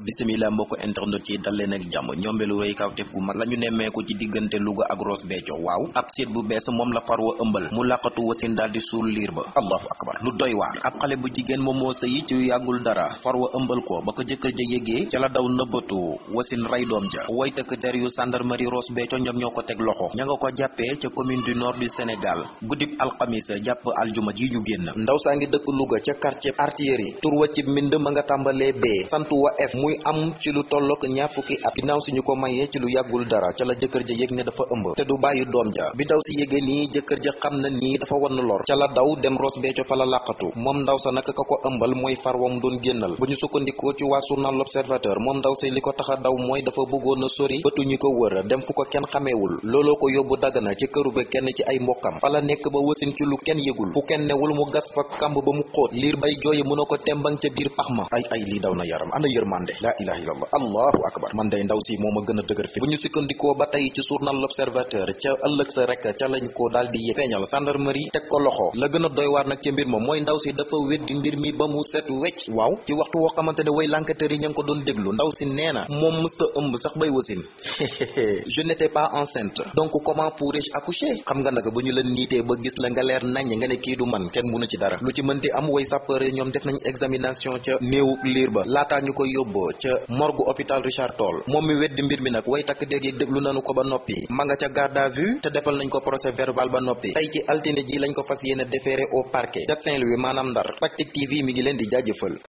bisimila mbokk internet yi dal leen ak jàmm ñombelu rëy kawtef gu mag la ñu nemmeeku ci diggante Louga ak Ross Béthio waaw ab seet bu bees moom la far wa ëmbal mu làqatu wasin daal di suul liir ba allahu akbar lu doy waar ab xale bu jigéen moom moo sëyi ci yàggul dara far wa ëmbal ko ba ko jëkkër ja yégee ca la daw nëbbatu wasin ray doom ja way takk der yu gendarmerie Ross Béthio ñoom ñoo ko teg loxo ña nga ko jàppee ca commune du nord du Sénégal guddib alxamisa jàpp ji ñu génn ndaw saa ngi dëkk Louga ca quartier artillerie tur wa ci mbind ma nga tàmbalee bee muy am ci lu tollook ñaar fukki at ginnaaw suñu ko mayee ci lu yàggul dara ca la jëkkër ja yëg ne dafa ëmb te du bàyyi doom ja bi ndaw si yégée nii jëkkër ja xam na nii dafa wann lor ca la daw dem Ross Béthio fa la làqatu moom ndaw sa nag ka ko ëmbal mooy farwam doon génnal bu ñu sukkandikoo ci waa journal l'Observateur moom ndaw si li ko tax a daw mooy dafa bëggoon a sori bëtu ñi ko wër dem fu ko kenn xameewul looloo ko yóbbu na ci këru ba kenn ci ay mbokkam fa nekk ba wasin ci lu kenn yëgul fu kenn newul mu gas fa kamb ba mu xóot liir bay jooye mën a ko tembang ca biir pax ma ay ay lii laa ilaha illallah allahu akbar man day ndaw si moom ma gën a dëgër fi bu ñu sukkandikoo ba tey ci suur journal l'observateur ca ëllëg sa rek ca lañ ko dal di yëg feeñal gendarmerie teg ko loxo la gën a doy war nag ca mbir ma mooy ndaw si dafa weddi mbir mi ba mu set wecc waaw ci waxtu woo xamante ne way l'enquêteur yi ña ngi ko doon déglu ndaw si nee na moom mësta ëmb sax bay wasin je n'étais pas enceinte donc comment pourrais-je accoucher xam nga nag bu ñu la niitee ba gis la nga leer nañ nga ne kii du man kenn mënu ci dara lu ci mënti am way sapeur ñoom def nañ examination ca néewu liir ba laataa ñu koy yóbbu ko ca morgue hôpital Richard Toll moom mi weddi mbir mi nag way takk dér yi déglu nanu ko ba noppi ma nga ca garde à vue te defal nañ ko procès verbal ba noppi tey ci altine ji lañ ko fas yéene déféré au parquet ca Saint-Louis maanaam Ndar Tactic TV mi ngi leen di jaajëfal